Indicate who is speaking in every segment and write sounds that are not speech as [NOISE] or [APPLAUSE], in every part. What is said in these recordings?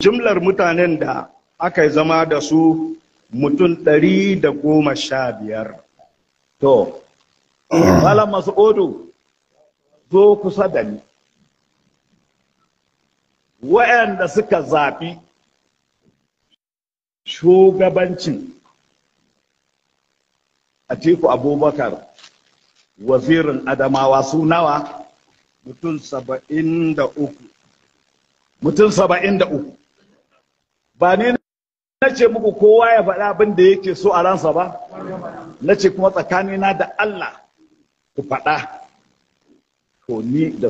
Speaker 1: jumlar mutanen da aka zama da su mutum ɗari da goma sha biyar to [CLEARS THROAT] masu mas'udu zo kusa da ni wa'anda suka zaɓi shugabancin Atiku Abubakar wazirin Adamawa sunawa mutum saba'in da uku. Mutum saba'in da uku. ba ni na ce muku kowa ya faɗi abin da yake so a ransa ba na ce kuma tsakanina da Allah ku faɗa to ni da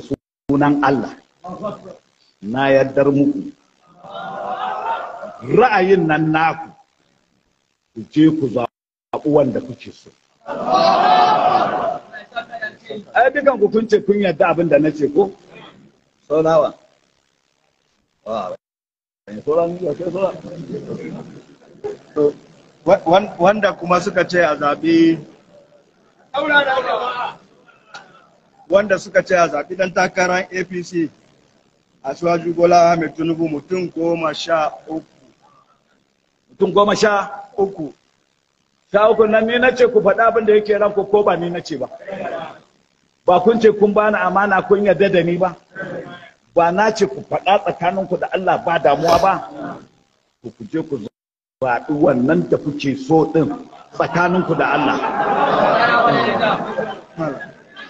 Speaker 1: sunan Allah na yardar muku ra'ayin nan naku ku je ku zaɓi wanda kuke so ai dukan ku kun ce kun yarda abin da na ce ko sau nawa wanda kuma suka ce a zaɓi wanda suka ce a ɗan takarar apc a suwaju bola mai tunubu mutum goma sha uku mutum goma sha uku sha uku nan ni na ce ku faɗa abin da yake ranku ko ba ni na ce ba ba kun ce kun bani amana kun yarda da ni ba ba na ce ku faɗa tsakaninku da Allah ba damuwa ba ku kuje ku zaɓi wannan da kuke so ɗin tsakaninku da Allah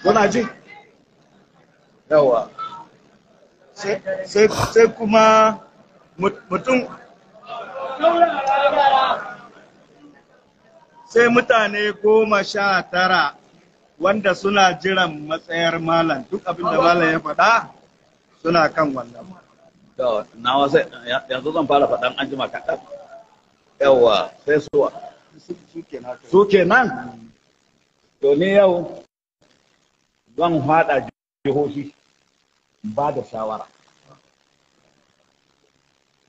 Speaker 1: kuna ji yawa sai kuma mutum sai mutane goma sha tara wanda suna jiran matsayar malam duk abin da malam ya faɗa suna kan wannan nawa sai yanzu zan fara faɗan an jima kaɗan yawa sai suwa su kenan to ni yau zan faɗa jihohi ba da shawara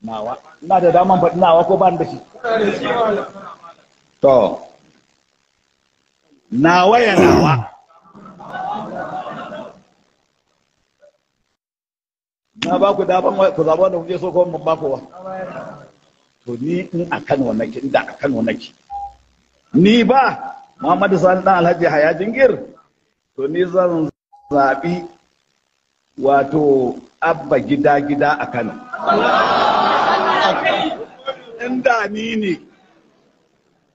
Speaker 1: nawa ina da daman faɗi nawa ko ban da shi to nawa ya nawa na ba ku daban ku zaba da kuke so ko mun ba ku to ni in a Kano nake inda a Kano nake ni ba Muhammadu Sani dan Alhaji Haya Gir to ni zan zaɓi wato abba gida gida a Kano inda ni ne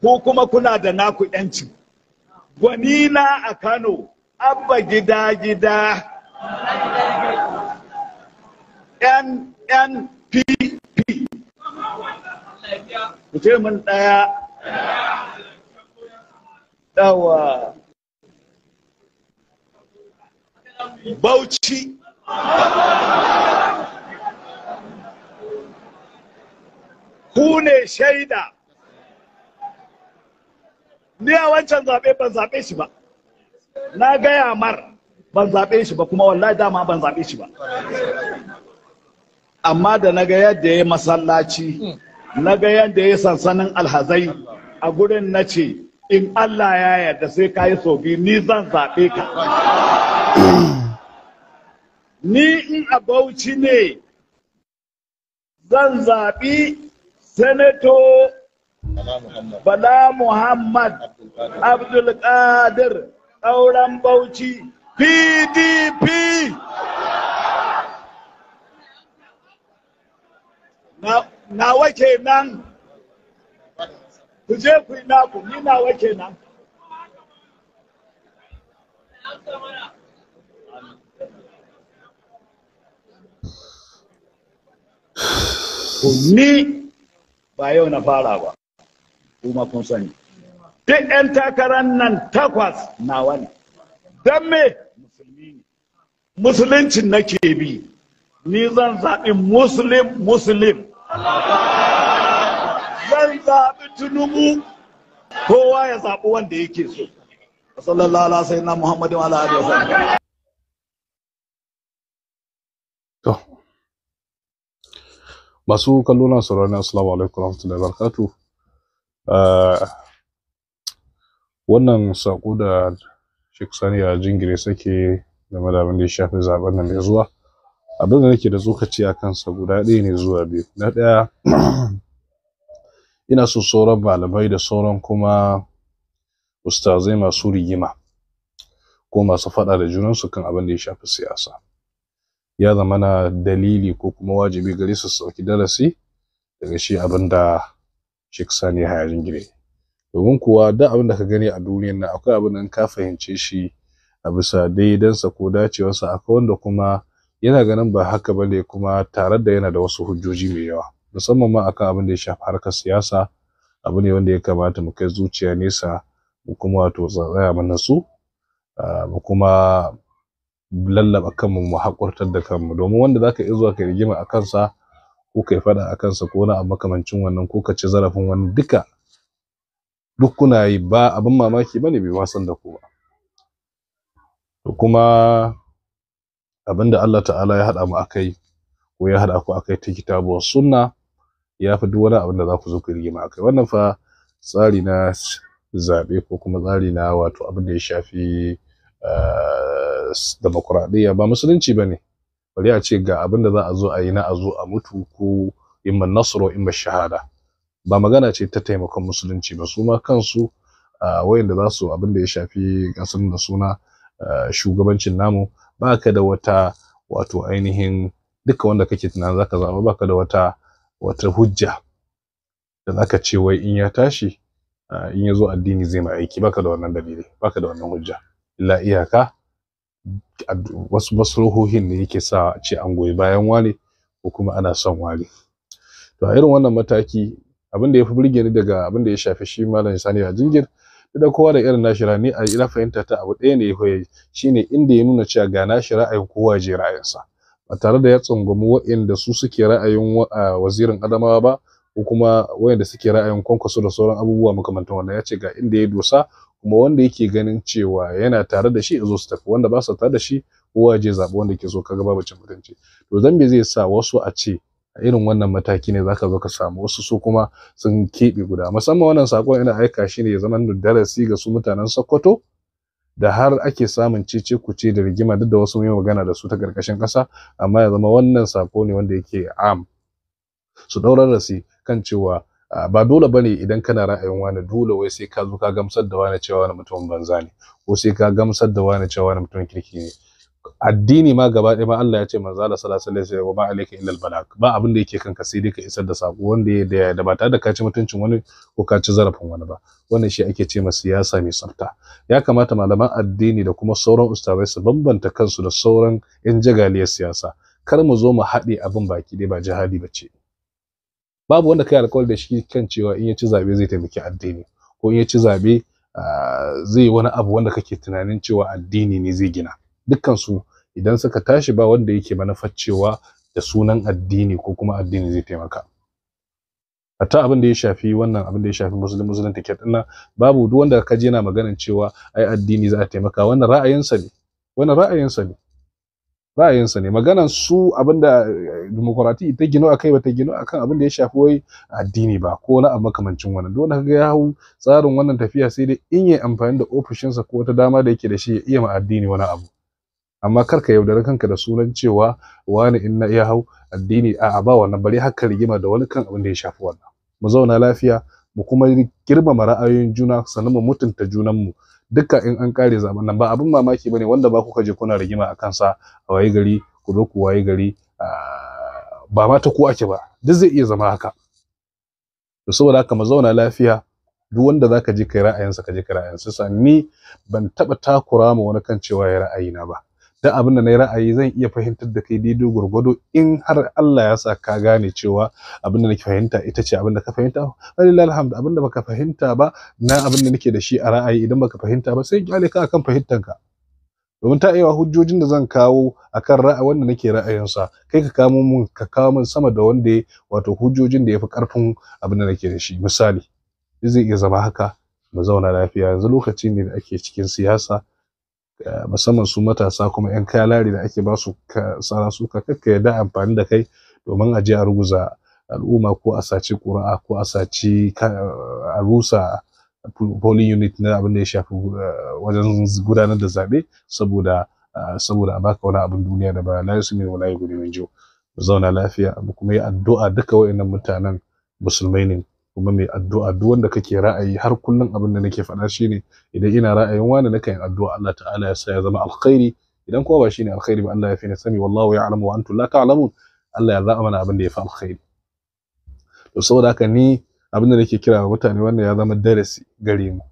Speaker 1: ko kuma kuna da naku yanci gwani na a Kano abba gida gida NNPP mutumin ɗaya dawa Bauchi ku ne shaida ni a wancan zaɓe ban zaɓe shi ba na gaya mar ban zaɓe shi ba kuma wallahi dama ban zaɓe shi ba amma da na ga yadda ya yi masallaci hmm. na ga yadda ya yi sansanin alhazai a gurin na ce in Allah ya yarda sai ka yi sobi ni zan zaɓe ka [CLEARS THROAT] ni in a bauchi ne zan zaɓi senato bala muhammad abdulkadir ɗauran bauchi pdp nawa kenan ku je ku yi naku ni nawa kenan ni ba yau na fara ba kuma kun sani duk 'yan takarar nan takwas nawa ne don me musulunci nake bi ni zan zaɓi muslim muslim zan zaɓi tunubu kowa ya zaɓi wanda yake so sallallahu ala sayyidina muhammadin ala alihi wasallam
Speaker 2: to masu kallo na saurari assalamu alaikum warahmatullahi wabarakatuh uh, wannan sako da Sheikh Sani ya jingire sake game da abin da ya shafi zaben nan mai zuwa abin da nake da tsokaci a kansa guda ɗaya ne zuwa biyu na ɗaya [CLEARS THROAT] ina so sauran malamai da sauran kuma ustazai masu rigima ko masu faɗa da junansu kan abin da ya shafi siyasa ya zama na dalili ko kuma wajibi gare su sauki darasi daga shi abin da shek Sani Hayarin Gire domin kuwa da abin da ka gani a duniyar nan akwai abin da ka fahimce shi a bisa daidansa ko dacewarsa akwai wanda kuma yana ganin ba haka ba ne kuma tare da yana da wasu hujjoji mai yawa musamman ma akan abin da ya shafi harkar siyasa abu ne wanda ya kamata mu kai zuciya nesa mu kuma wato tsaya mana su mu kuma lallaba kanmu mu haƙurtar da kanmu domin wanda zaka iya zuwa ka rigima a kansa ko kai faɗa a kansa ko wani abu makamancin wannan ko ka ci zarafin wani duka duk kuna yi ba abin mamaki bane bai wasan da ku ba kuma abinda Allah ta'ala ya haɗa mu akai ko ya haɗa ku akai ta kitabu wa sunna ya fi duk wani abin za ku zo ku rigima akai wannan fa tsari na zaɓe ko kuma tsari na wato abin ya shafi eh, demokuraɗiyya ba musulunci ba ne bari a ce ga abinda za a zo a yi na a zo a mutu ko imma nasro imma shahada ba magana ce ta taimakon musulunci ba su ma kansu eh, wayanda za su abin ya shafi gasar da suna eh, shugabancin namu baka da wata wato ainihin duka wanda kake tunanin zaka zaba baka da wata wata hujja da zaka ce wai in ya tashi in ya zo addini zai mai aiki baka da wannan dalili baka da wannan hujja illa iyaka wasu masruhohin ne yake sa ce an goyi bayan wale ko kuma ana son wale to a irin wannan mataki abin da ya fi burge ni daga abin da ya shafi shi malam sani a jingir da kowa da irin nashi ra'ayi a ina fahimta ta abu ɗaya ne ya koyi shine inda ya nuna cewa ga nashi ra'ayin kowa je ra'ayinsa ba tare da ya tsungumi waɗanda su suke ra'ayin wazirin adamawa ba ko kuma waɗanda suke ra'ayin kwankwaso da sauran abubuwa makamantan wannan ya ce ga inda ya dosa kuma wanda yake ganin cewa yana tare da shi ya zo su tafi wanda ba su tare da shi kowa je zaɓi wanda ke so kaga babu cin mutunci to zambe zai sa wasu a ce irin wannan mataki ne zaka zo ka samu wasu su kuma sun keɓe guda musamman wannan sakon ina aika shi ne ya zama darasi ga su mutanen Sokoto da har ake samun cece kuce da rigima duk da wasu mai magana da su ta karkashin ƙasa amma ya zama wannan sako ne wanda yake am su daurar rasi kan cewa ah, ba dole bane idan kana ra'ayin wani dole wai sai ka zo ka gamsar da wani cewa wani mutum banza ne ko sai ka gamsar da wani cewa wani mutum kirki ne addini ma gaba ɗaya ma Allah ya ce manzo Allah sallallahu alaihi wasallam ba alayka illa albalag ba abin da yake kanka sai dai ka isar da sako wanda ya da ba tare da ka ci mutuncin wani ko ka ci zarafin wani ba wannan shi ake ce ma siyasa mai tsafta ya kamata malaman addini da kuma sauran ustazai su bambanta kansu da sauran yan jagaliyar siyasa kar mu zo mu haɗe abin baki dai ba jihadi ba ce babu wanda kai alƙawari da shi kan cewa in ya ci zabe zai taimaki addini ko in ya ci zabe ah, zai wani abu wanda kake tunanin cewa addini ne zai gina dukkansu idan suka tashi ba wanda yake manufar cewa da sunan addini ko kuma addini zai taimaka hatta abin da ya shafi wannan abin da ya shafi musulun musulun take dinnan babu duk wanda ka je yana maganar cewa ai addini za a taimaka wannan ra'ayinsa ne wannan ra'ayinsa ne ra'ayinsa ne maganar su abin da eh, demokurati ta gino akai ba ta gino akan abin da ya shafi wai addini ba ko na abu makamancin wannan duk wanda ga ya hau tsarin wannan tafiya sai dai in yi amfani da ofishinsa ko wata dama da yake da shi ya iya ma addini wani abu amma kar ka yaudari kanka da sunan cewa wani in na iya hau addini a ba wannan bari haka rigima da wani kan abin da ya shafi wannan mu zauna lafiya mu kuma girmama ra'ayoyin juna sannan mu mutunta junan mu dukkan in an kare zaman nan ba abin mamaki bane wanda ba kuka je kuna rigima a kansa a waye gari ku zo ku waye gari ba ma ta ku ake ba duk zai iya zama haka to saboda haka mu zauna lafiya duk wanda zaka je kai ra'ayinsa ka je kai ra'ayinsa ni ban taba takura ma wani kan cewa ya ra'ayina ba da abin da na yi ra'ayi zan iya fahimtar da kai daidai gwargwado in har Allah ya sa ka gane cewa abin da nake fahimta ita ce abin da ka fahimta walillahi alhamdu abin da baka fahimta ba na abin da nake da shi a ra'ayi idan baka fahimta ba sai kyale ka akan fahimtanka domin ta iya hujjojin da zan kawo akan ra'ayi wanda nake ra'ayinsa kai ka kamo mun ka kawo mun sama da wanda wato hujjojin da yafi karfin abin da nake da shi misali zai iya zama haka mu zauna lafiya yanzu lokaci ne da ake cikin siyasa Eh, musamman su matasa kuma 'yan kalari da ake ba su sara ka kakka yadda amfani da kai domin a je a ruguza al'umma ko a saci ƙura'a ko a saci a rusa polling unit na abin da ya shafi eh, wajen gudanar da zaɓe eh, saboda a baka wani abin duniya da ba su ne wani yughni min ju zauna lafiya mu kuma yi addu'a duka wayannan mutanen musulmai ne kuma mai addu'a duk wanda kake ra'ayi har kullun abin da nake faɗa shine idan ina ra'ayin wani nakan yi addu'a Allah ta'ala ya sa ya zama alkhairi idan kuma ba shine alkhairi ba Allah ya fi sani wallahu ya'lamu wa antum la ta'lamun Allah ya zama mana abin da ya fi alkhairi to saboda haka ni abin da nake kira wa mutane wannan ya zama darasi gare mu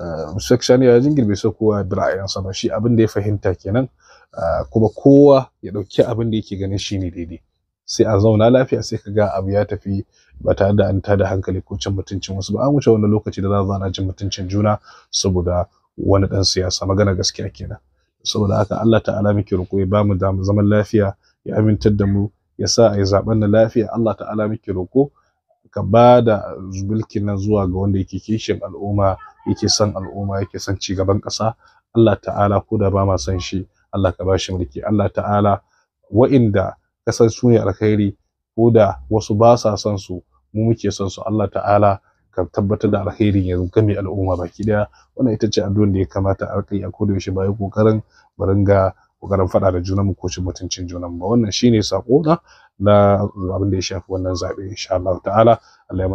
Speaker 2: eh, section ya jingir bai so kowa da ra'ayinsa ba shi abin da ya fahimta kenan eh, kuma kowa ya ɗauki abin da yake ganin shine daidai sai a zauna lafiya sai ka ga abu ya tafi ba tare da an tada hankali ko cin mutuncin wasu ba an wuce wani lokaci da za a zana cin mutuncin juna saboda wani dan siyasa magana gaskiya kenan saboda haka Allah ta'ala muke roƙo ya bamu da zaman lafiya ya amintar da mu ya sa a yi zaben na lafiya Allah ta'ala muke roƙo ka ba da mulkin nan zuwa ga wanda yake kishin al'umma yake son al'umma yake son ci gaban ƙasa Allah ta'ala ko da ba ma son shi Allah ka ba shi mulki Allah ta'ala wa'inda kasar su ne alkhairi ko da wasu ba sa son su mu muke son su Allah ta'ala ka tabbatar da yanzu ya game al'umma baki daya wannan ita ce addu'ar da ya kamata a kai a koda yaushe ba kokarin ringa kokarin faɗa da junanmu ko cin mutuncin junanmu ba wannan shine sako na abin da ya shafi wannan zabe insha Allah ta'ala Allah ya